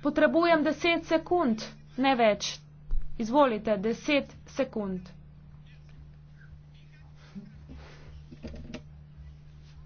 Potrebujem deset sekund, ne več. Izvolite, deset sekund.